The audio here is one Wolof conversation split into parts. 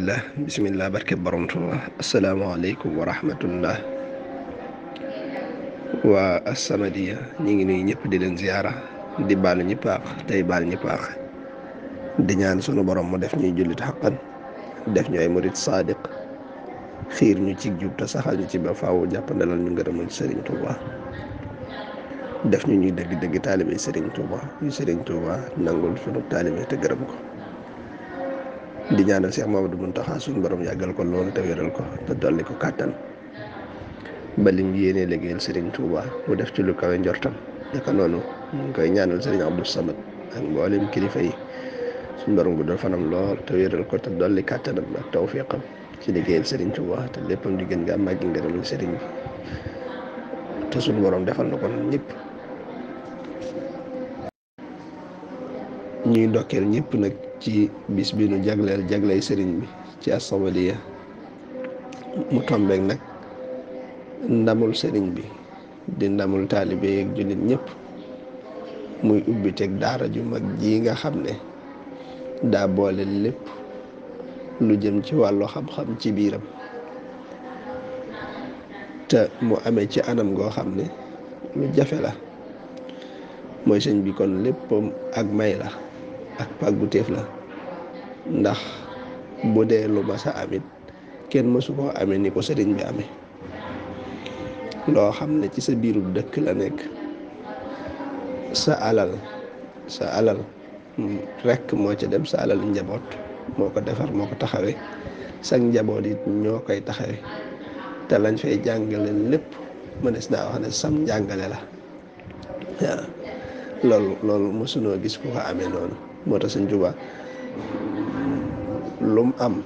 alhamdulilah bisimilah barke borom Tuuba asalaamaaleykum wa rahmatullah waa As-Samadiyya ñu ngi nuyu ñëpp di leen ziyaara di baalu ñi paax tey baal di ñaan sunu borom mu def ñuy jullit xaqan def ñu ay murit saadiq xiir ñu ci jub te ñu ci ba faaw jàppandalal ñu ngërëmal Serigne Touba def ñu ñuy dëgg-dëgg taalibe Serigne Touba ñu Serigne Touba nangul sunu taalibe te gërëm ko. di ñaanal Cheikh Mamadou Mountakha suñu borom yàggal ko loolu te wéral ko te dolli ko kàttan ba lim yéenee liggéeyal Serigne Touba mu def ci lu kawe njortam naka noonu mu ngi koy ñaanal Serigne Abdou Samad ak mboolem kilifa yi suñu borom bu dal fanam lool te wéral ko te dolli kattan ak tawfiqam ci liggéeyal Serigne Touba te léppam di gën nga màggi ngërëmal Serigne bi te suñu borom defal na ko ñëpp. ñuy ndokkeel ñëpp nag ci bis bi nu jagleel jagley sëriñ bi ci asawadiya mu tombeek nag ndamul sëriñ bi di ndamul taalibe yeeg jullit ñëpp muy ubbi teg daara ju mag ji nga xam ne daa boole lépp lu jëm ci wàllu xam-xam ci biiram te mu amee ci anam goo xam ne lu jafe la mooy sëñ bi kon léppam ak may la ak pàgguteef la ndax bu dee lu sa amit kenn mësu koo amee ni ko sëriñ bi amee loo xam ne ci sa biiru dëkk la nekk sa alal sa alal rekk moo ci dem sa alal njaboot moo ko defar moo ko taxawee sag njaboot it ñoo koy taxawee te lañ fay jàngale lépp ma mënees naa wax ne sam njàngale la waaw loolu loolu mësunoo gis ku ko amee noonu moo tax sëñ Tuubaa lum am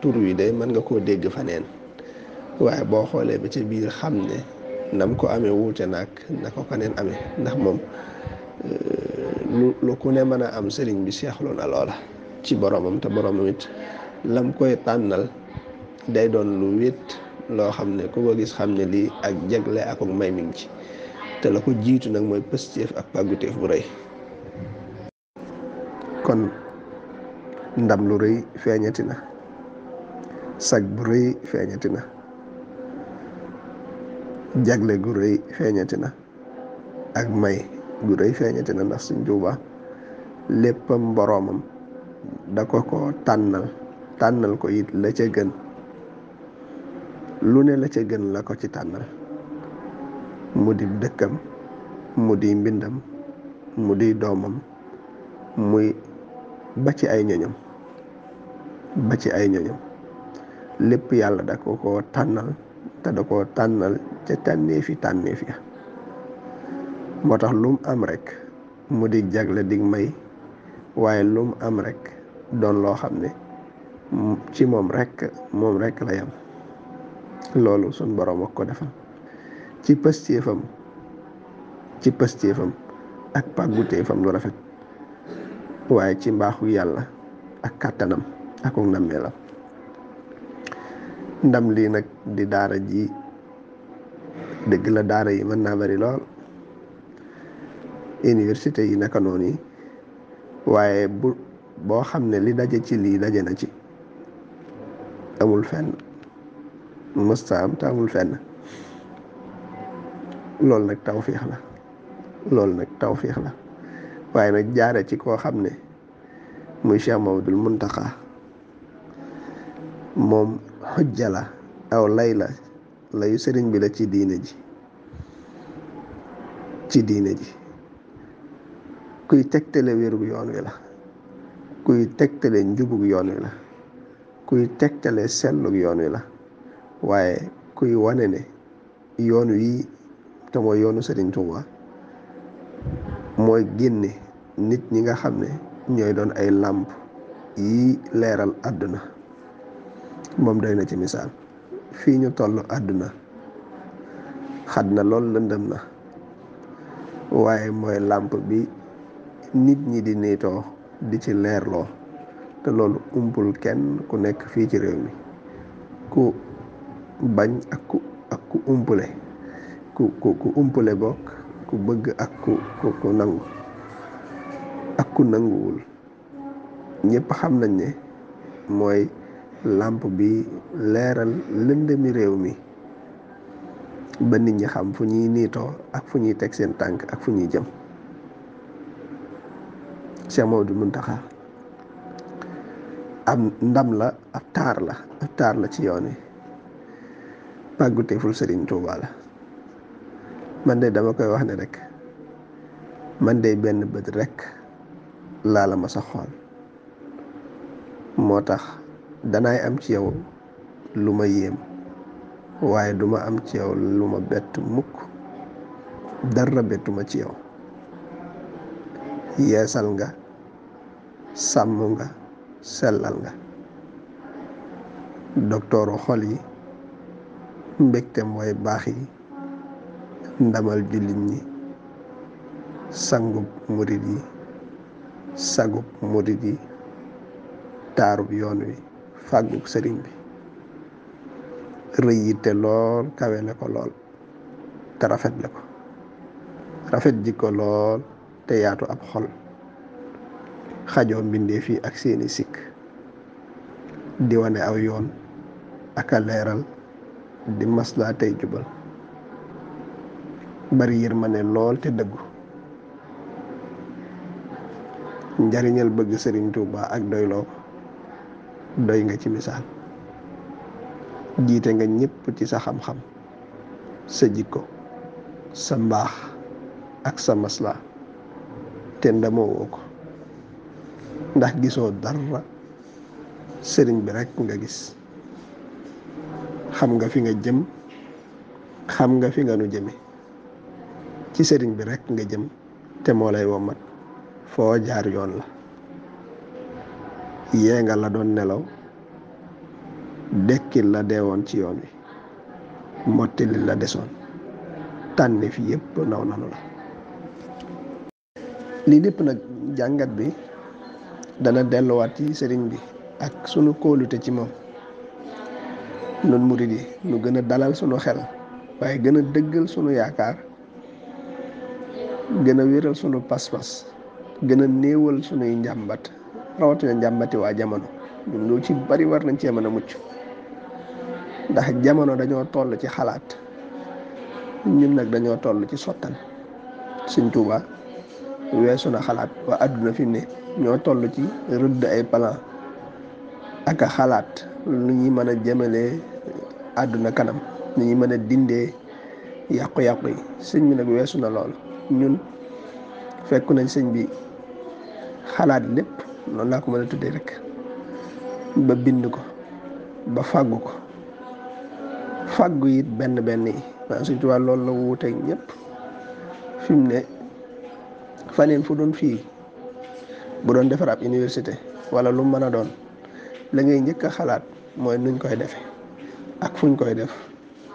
tur wi day mën nga koo dégg faneen waaye boo xoolee ba ca biir xam ne nam ko amee wuute na ko faneen amee ndax moom euh, lu lu ku ne mën a am sëriñ bi seexlu na loola ci boromam te boromam it lam koy tànnal day doon lu wét loo xam ne ku ko gis xam ne lii ak jagle ak may mi ngi ci te la ko jiitu nag mooy pëstéef ak pàggutéef bu rëy kon ndam lu rëy feeñati na sag bu rëy feeñati na jagle gu rëy feeñati na ak may gu rëy feeñati na ndax suñ Tuuba léppam boroomam da ko ko tànnal tànnal ko it la ca gën lu ne la ca gën la ko ci tànnal mu di dëkkam mu di mbindam mu di doomam muy ba ci ay ñoñam ba ci ay ñoñam lépp yàlla da ko koo tànnal te da koo tànnal ca tànneef yi tànneef ya moo tax lum am rek mu dig jagle dig may waaye lu mu am rekk doon loo xam ne ci moom rek moom rek la yam loolu sun borom ak ko defal ci pëstéefam ci pëstéefam ak pàgguteefam lu rafet waaye ci mbaaxu yàlla ak kàttanam ak nammeelam ndam lii nag di daara ji dëgg la daara yi mën naa bari lool université yi naka noonu waaye bu boo xam ne li daje ci lii daje na ci amul fenn mësta am te amul fenn loolu nag tawfiix la loolu nag tawfiix la waaye nag jaare ci koo xam ne muy Cheikh Mamadul Muntaxa moom xojja la aw lay la layu sëriñ bi la ci diine ji ci diine ji kuy tegtale wérug yoon wi la kuy tegtale njubug yoon wi la kuy tegtale sellug yoon wi la waaye kuy wane ne yoon wi te mooy yoonu Sëriñ Tuuba mooy génne nit ñi nga xam ne ñooy doon ay làmp yi leeral àdduna moom doy na ci misaal fii ñu toll àdduna xadd na lool lëndëm na waaye mooy làmp bi nit ñi di niitoo di ci leerloo te loolu umpul kenn ku nekk fii ci réew mi ku bañ ak ku ak ku umpule ku umpule bokk ku bëgg ak ku ku ku nangu ku nanguwul ñëpp xam nañ ne mooy làmp bi leeral lëndëmi réew mi ba nit ñi xam fu ñuy niitoo ak fu ñuy teg seen tànk ak fu ñuy jëm Cheikh Maodo Muntaxa am ndam la ab taar la ab taar la ci yoon wi pàgguteeful Serigne Touba man de dama koy wax ne rek man de benn bët rekk laa la ma sa xool moo tax danaay am ci yow lu ma yéem waaye duma am ci yow lu ma bett mukk dara bettuma ci yow yeesal nga sàmm nga sellal nga doktooru xol yi mbégte mooy baax yi ndamal jullit ñi sangub murit yi sagub murit yi taarub yoon wi fàgguk sëriñ bi rëy yitte lool kawe na ko lool te rafet la ko rafet jikko lool te yaatu ab xol xajoo mbindeef yi ak seeni sikk di wane aw yoon aka leeral di mas maslaa tey jubal bari yërmande lool te dëggu njariñal bëgg sëriñ Touba ak doyloo doy nga ci misaal jiite nga ñëpp ci sa xam-xam sa jikko sa mbaax ak sa masla te ndamoo ndax gisoo dara sëriñ bi rekk nga gis xam nga fi nga jëm xam nga fi nga nu jëme ci sëriñ bi rekk nga jëm te moo lay womat foo jaar yoon la yee nga la doon nelaw dekkil la deewoon ci yoon wi mottali la desoon tànne fi yëpp naw nanu la lii lépp nag jàngat bi dana delluwaat ci sëriñ bi ak sunu koolute ci moom nun murid yi nu gën a dalal sunu xel waaye gën a dëggal sunu yaakaar gën a wéral sunu pas-pas gën a néewal sunuy njàmbat rawatina njàmbati waa jamono ñun lu ci bari war nañ cee mën a mucc ndax jamono dañoo toll ci xalaat ñun nag dañoo toll ci sottal Sëñ Tuubaa weesu na xalaat waa àdduna fi ne ñoo tollu ci rëdd ay plan ak a xalaat lu ñuy mën a jëmalee àdduna kanam lu ñuy mën a dindee yàqu-yàqu yi sëñ bi nag weesu na lool ñun fekku nañ sëñ bi xalaat lépp loolu laa ko mën a tuddee rek ba bind ko ba fàggu ko fàggu it benn benn yi maanaam Sëñ Tuubaa loolu la wuuteeg ñépp fi mu ne faneen fu doon fii bu doon defar ab université wala lu mën a doon la ngay njëkk a xalaat mooy nuñ koy defe ak fuñ koy def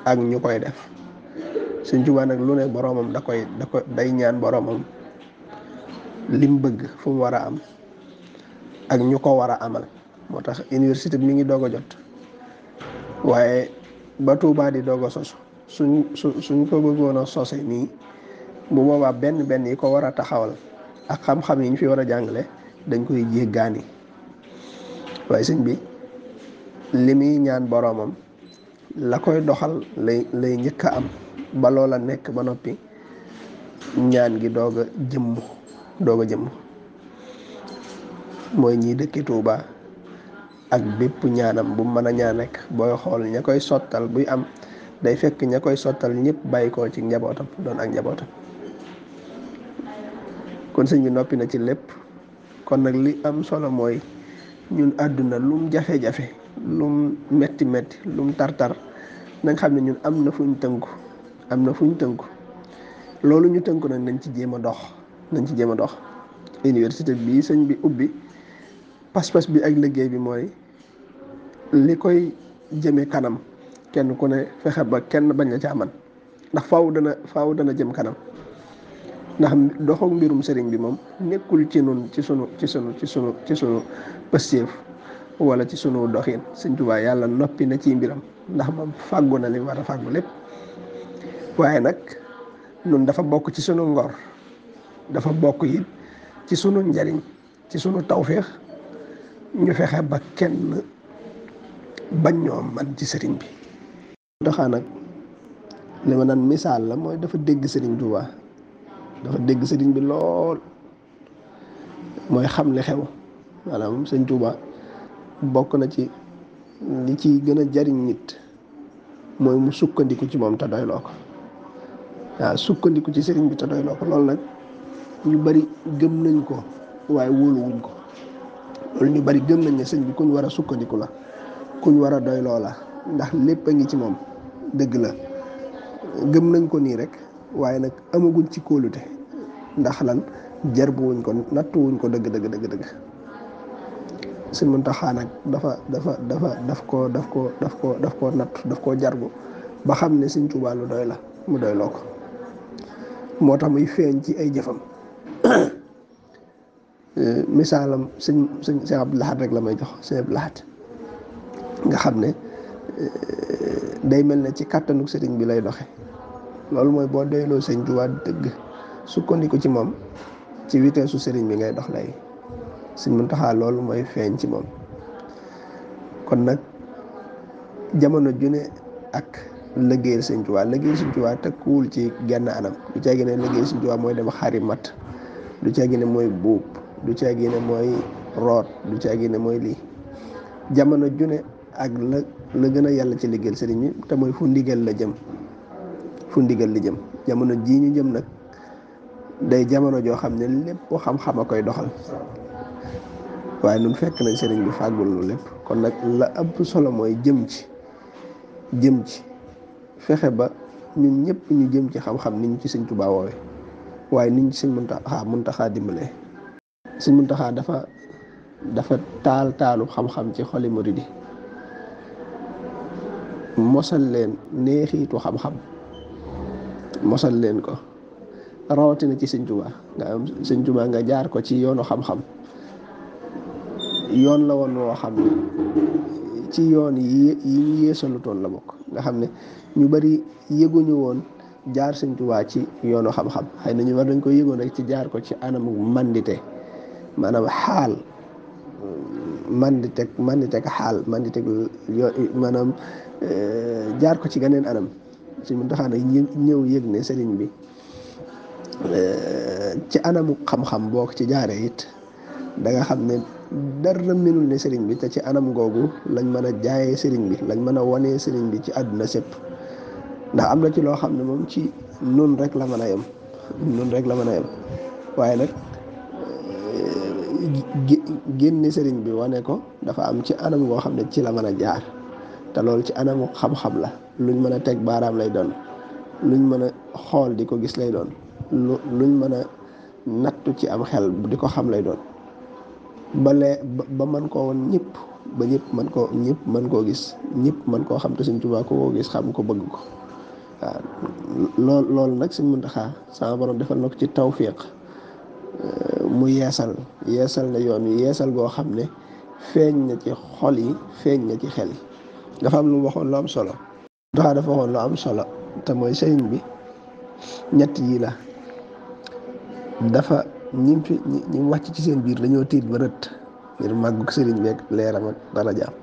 ak ñu koy def Sëñ Tuubaa nag lu ne boroomam da koy da day ñaan boroomam lim bëgg fu mu war a am ak ñu ko war a amal moo tax université bi mi ngi doog a jot waaye ba Touba di doog a sos suñ su suñ ko bëggoon a sose nii bu boobaa benn benn yi ko war a taxawal ak xam-xam yi ñu fi war a jàngale dañ koy jéggaani waaye sëñ bi li muy ñaan boroomam la koy doxal lay lay njëkk a am ba loola nekk ba noppi ñaan gi doog a jëmm doog jëm mooy ñii dëkki Touba ak bépp ñaanam bu mën a ñaan rek booy xool ña koy sottal buy am day fekk ña koy sottal ñëpp bàyyi koo ci njabootam doon ak njabootam kon sëñ bi noppi na ci lépp kon nag li am solo mooy ñun àdduna lum jafe-jafe lum metti metti lum tar-tar na xam ne ñun am na fuñ tënku am na fuñ tënku loolu ñu tënku nag nañ ci jéem a dox. nañ ci jéem a dox université bii sëñ bi ubbi pas-pas bi ak liggéey bi mooy li koy jëme kanam kenn ku ne fexe ba kenn bañ la caa ndax faaw dana faaw dana jëm kanam ndax doxoog mbirum sëriñ bi moom nekkul ci nun ci sunu ci sunu ci sunu ci sunu pëstéef wala ci sunu doxin sëñ Tuubaa yàlla noppi na ci mbiram ndax moom fàggu na li war a fàggu lépp waaye nag nun dafa bokk ci sunu ngor dafa bokk it ci sunu njariñ ci sunu tawféex ñu fexe ba kenn bañ ñoo man ci sëriñ bi doxaa nag li ma naan misaal la mooy dafa dégg sëriñ Tuubaa dafa dégg sëriñ bi lool mooy xam li xew maanaam sëriñ Tuubaa bokk na ci li ciy gën a jariñ nit mooy mu sukkandiku ci moom te doyloo ko waaw sukkandiku ci sëriñ bi te doyloo ko lool nag ñu bari gëm nañ ko waaye wóoluwuñ ko loolu ñu bari gëm nañ ne sëñ bi kuñ war a sukkandiku la kuñ war a doy loola ndax lépp a ngi ci moom dëgg la gëm nañ ko nii rek waaye nag amaguñ ci kóolute ndax lan jarbu wuñ ko nattu wuñ ko dëgg dëgg dëgg dëgg sëñ Muntaxa dafa dafa dafa daf koo daf koo daf koo daf koo natt daf koo jarbu ba xam ne sëñ Tuubaa lu doy la mu doy ko moo tax muy feeñ ci ay jëfam misaalam sëñ sëñ sëñ Abdou rek la may jox sëñ Abdou Lahad nga xam ne eh, day mel ne ci kàttanuk sëriñ bi lay doxe loolu mooy boo doyloo sëñ Tuubaa dëgg sukkandiku ci moom ci vitesse su sëriñ bi ngay dox lay sëñ Muntaxaa loolu mooy feeñ ci moom kon nag jamono ju ne ak liggéeyal sëñ Tuubaa liggéeyal sëñ Tuubaa tekkuwul ci genn anam du caa gi ne liggéeyal sëñ Tuubaa mooy dem xari mat lu caa gi ne mooy buub du caagi ne mooy root du caagi ne mooy lii jamono june ak la la gën a yàlla ci liggéeyal sëriñ bi te mooy fu ndigal la jëm fu li jëm jamono jii ñu jëm nag day jamono joo xam ne lépp xam-xam a koy doxal waaye nun fekk nañ sëriñ bi fàggul lu lépp kon nag la ëpp solo mooy jëm ci jëm ci fexe ba ñun ñëpp ñu jëm ci xam-xam ni ñu ci sëñ Tuubaa woowe waaye ni ñu ci sëñ Muntaxaa Muntaxaa dimbalee Sëñ Muntaxa dafa dafa taal taalu xam-xam ci xoli muridi mosal leen neexiitu xam-xam mosal leen ko rawatina ci Sëñ Tuubaa nga jaar ko ci yoonu xam-xam yoon la woon woo xam ne ci yoon yi yi ñu yeesalutoon la bokk nga xam ne ñu bari yëguñu woon jaar Sëñ ci yoonu xam-xam xëy na ñu war dañ ko yëgoon rek ci jaar ko ci anam mandite maanaam xaal manditeg manditeg xaal manditeg yo maanaam eh, jaar ko ci geneen anam suñ mun taxaa ñëw yëg ne sëriñ bi eh, ci anamu xam-xam boo ko ci jaaree it da nga xam ne dara mënul ne sëriñ bi te ci anam googu lañ mën a jaayee sëriñ bi lañ mën a wanee sëriñ bi ci àdduna sépp ndax am na ci loo xam ne moom ci nun rek la mën a yem nun rek la mën a yem génne sëriñ bi wane ko dafa am ci anam goo xam ne ci la mën a jaar te loolu ci anamu xam-xam la luñ mën a teg baaraam lay doon luñ mën a xool di ko gis lay doon lu luñ mën a nattu ci am xel di ko xam lay doon ba lee ba mën koo woon ñëpp ba ñëpp mën koo mën koo gis ñépp mën koo xam te Sëriñ Tuubaa ko koo gis xam ko bëgg ko waaw lool loolu nag Sëriñ Muntaxaa sama borom defal na ko ci tawfiq mu yeesal yeesal na yoon wi yeesal boo xam ne feeñ na ci xol yi feeñ na ci xel yi dafa am lu waxoon lu am solo doxaa dafa lu am solo te mooy sëriñ bi ñett yii la dafa ñim fi ñi wàcc ci seen biir dañoo tiit ba rët ngir màggug sëriñ beeg leeram ak darajaam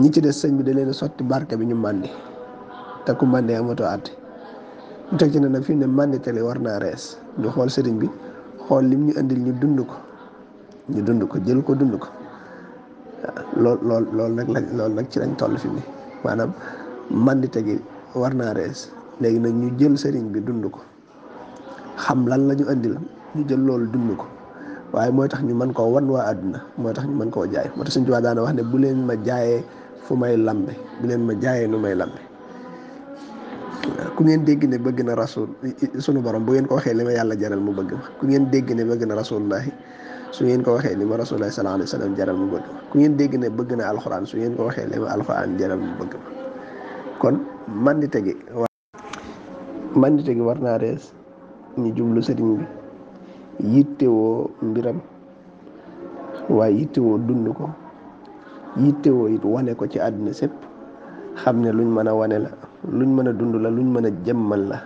ñi ci des sëñ bi da leen sotti barke bi ñu màndi te ku màndee amatoo àtte bu teg ci ne nag fi mu ne mànditali war naa rees ñu xool sëriñ bi xool lim ñu indil ñu dund ko ñu dund ko jël ko dund ko lool lool loolu nag la loolu nag ci lañ toll fi ni maanaam mandite gi war naa rees léegi nag ñu jël sëriñ bi dund ko xam lan la ñu indil ñu jël loolu dund ko waaye mooy tax ñu mën koo wan waa àdduna mooy tax ñu mën koo jaay moo tax suñ ci daana wax ne bu leen ma jaayee fu may lambe bu leen ma jaayee nu may lambe ku ngeen dégg ne bëgg na rasul sunu borom bu ngeen ko waxee li ma yàlla jaral mu bëgg ma ku ngeen dégg ne bëgg na rasulullahi su ngeen ko waxee li ma rasulullahi sallallahu alayhi wasallam jaral mu bëgg ma ku ngeen dégg ne bëgg na alxuraan su ngeen ko waxee li ma alxuraan jaral mu bëgg ma kon gi war mandite naa rees ñu jublu sëriñ bi yittewoo mbiram waaye yittewoo dund ko yittewoo it wane ko ci àdduna sépp xam ne luñ mën a wane la luñ mën a dund la luñ mën a jëmmal la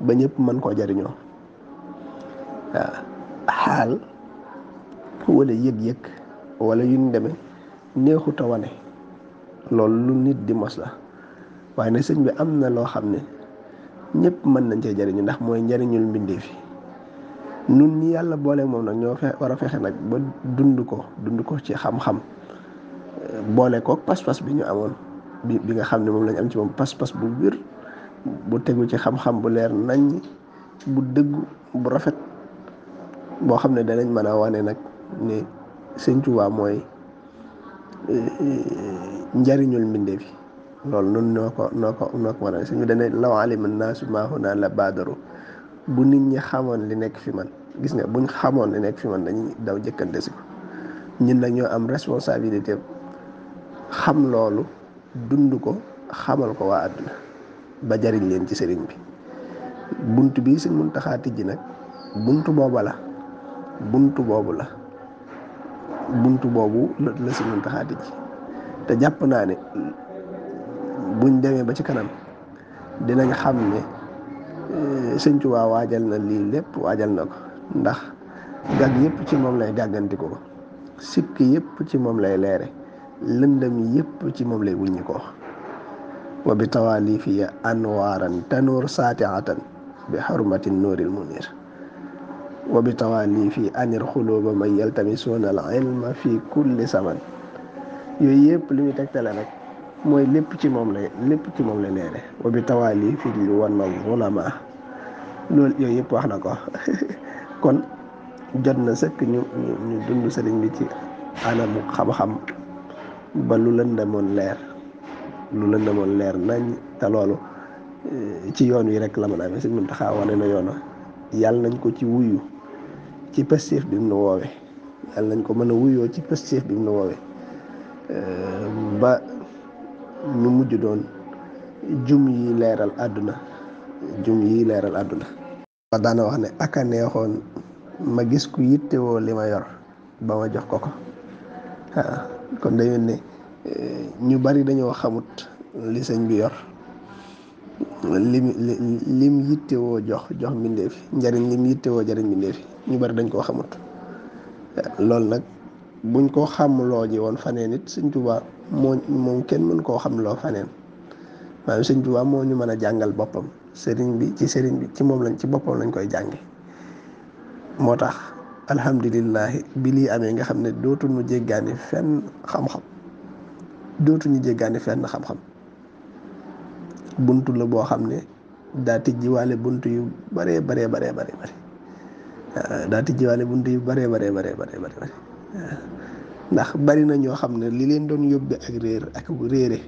ba ñëpp mën koo jariñoo waaw xaal wala yëg-yëg wala yuñ deme neexut a wane loolu lu nit di mos la waaye nag sëñ bi am na loo xam ne ñëpp mën nañ cee jariñu ndax mooy njariñul mbindeef yi nun ñi yàlla boole moom nag ñoo fexe war a fexe nag ba dund ko dund ko ci xam-xam boole ko pas-pas bi ñu amoon bi bi nga xam ne moom lañ am ci moom pas-pas bu wér bu tegu ci xam-xam bu leer nañ bu dëggu bu rafet boo xam ne danañ mën a wane nag ne Sëñ Tuubaa mooy e, e, njariñul mbindeef yi loolu noonu noo ko noo ko noo ko waral suñu naa law alima naasu maa hunaa la baadaru bu nit ñi xamoon li nekk fi man gis nga buñ xamoon li nekk fi man dañuy daw jëkkante si ñun nag am responsabilité xam loolu dund ko xamal ko waa àdduna ba jariñ leen ci sëriñ bi bunt bii sëñ Muntaxa tijji nag bunt booba la bunt boobu la bunt boobu la sëñ Muntaxa tijji te jàpp naa ne buñ demee ba ci kanam dinañ xam ne eh, sëñ waa waajal na lii lépp waajal na ko ndax gàgg yëpp ci moom lay gàggantiku ko sikk yëpp ci moom lay leere lëndëm yëpp ci moom lay wuññi ko wa bi tawaalifiya anwaaran tanuur saatiatan bi xurmati nuuril munir wa bi tawaalifi anir xuluuba man yaltamisuuna al fi kulli zaman yooyu yëpp li mu tegtale nag mooy lépp ci moom la ci moom leere wa bi tawaalifi li wan zulama loolu yooyu yëpp wax na ko kon jot na sëkk ñu ñu dund sëriñ bi ci anamu xam-xam ba lu lëndëmoon leer lu lëndëmoon leer nañ te loolu eh, ci yoon wi rek la mën a amee sëñ Muntaxa na yoon yàlla nañ ko ci wuyu ci pastéef bi mu nu woowee yàlla nañ ko mën a wuyoo ci pastéef bi mu nu woowee eh, ba ñu mujj doon jum yi leeral àdduna jum yi leeral àdduna ma daana wax ne aka neexoon ma gis ku yittewoo li ma yor ba ma jox ko ko Ah, kon day mel ne eh, ñu bari dañoo xamut li sëñ bi yor lim lim yittewoo jox jox mbindeef njariñ lim yittewoo jariñ mbindeef ñu bari dañ koo xamut eh, loolu nag buñ ko xamloo ji woon faneen it sëñ Tuubaa moo moom kenn mën koo xamloo faneen maanaam sëñ Tuubaa moo ñu mën a jàngal boppam sëriñ bi ci sëriñ bi ci moom lañ ci boppam lañ koy jànge moo tax alhamdulilahi bi lii amee nga xam ne dootuñu jéggaani fenn xam dootuñu jéggaani fenn xam-xam bunt la boo xam ne daa tijjiwaale bunt yu baree baree baree bare bëri daa tijjiwaale bunt yu baree baree baree bare bëri ndax bari na ñoo xam ne li leen doon yóbbe ak réer ak réere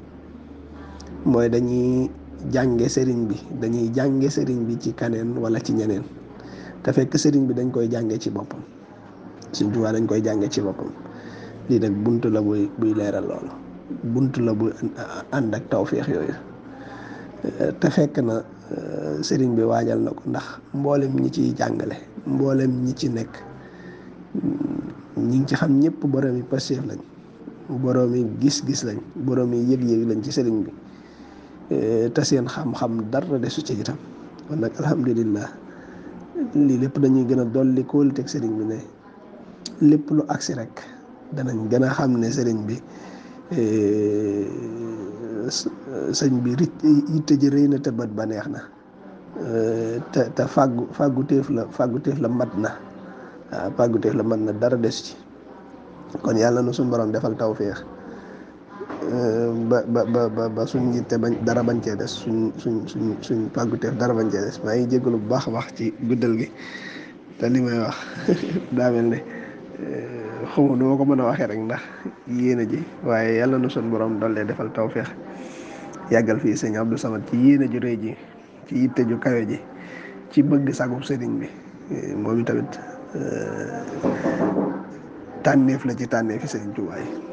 mooy dañuy jànge sëriñ bi dañuy jànge sëriñ bi ci kaneen wala ci ñeneen te fekk sëriñ bi dañ koy jàngee ci boppam Sëriñ Tuubaa dañ koy jàngee ci boppam lii nag bunt la buy leeral loolu bunt la buy ànd ak tawféex yooyu te fekk na eh, sëriñ bi waajal na ko ndax mboolem ñi ciy jàngale mboolem ñi ci nekk ñi ngi ci xam ñëpp borom yi passeef lañ borom yi gis-gis lañ borom yi yëg-yëg lañ ci sëriñ bi eh, te seen xam-xam dara desu ci itam kon nag alhamdulillah lii lépp dañuy gën a dolli kóoliteeg sëriñ bi ne lépp lu agsi rek danañ gën a xam ne sëriñ bi eh, sëñ bi rit yitte ji rëy na te bët ba neex na eh, te te fàggu fàggu téef la fàggu téef la mat na waaw fàggu téef la mat na dara des ci kon yàlla na suñu borom defal tawféex Eh, ba ba ba ba suñ njiite bañ dara bañ cee des suñ suñ suñ suñ pàgguteef dara bañ cee des maa ngi jégalu bu baax a baax ci guddal gi te li may wax daamel ne eh, xamu nu ma ko mën a waxee rek ndax yéene ji waaye yàlla nu suñ borom doole defal tawféex yàggal fii sëñ Abdou Samad ci yéene ju rëy ji ci yitte ju kawe ji ci bëgg sagub sëriñ bi eh, moom itamit tànneef la ci tànneefi sëriñ Tuubaa yi